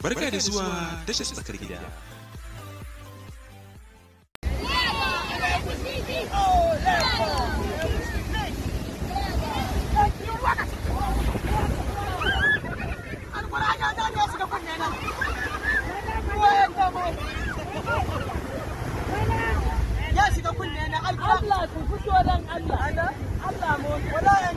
Barka da zuwa tashar tsakar gida. na Allah ku fito dan Allah. Allah mu wala yan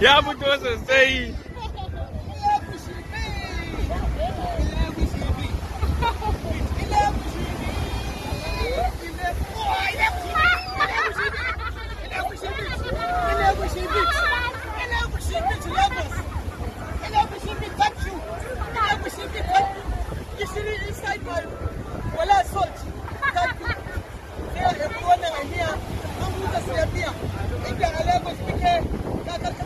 ya fito sosai Inda a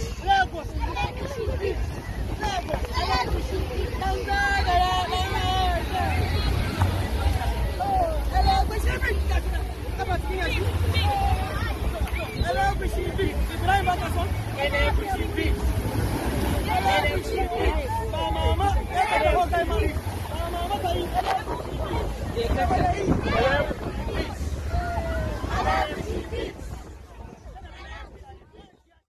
ele é né, one? My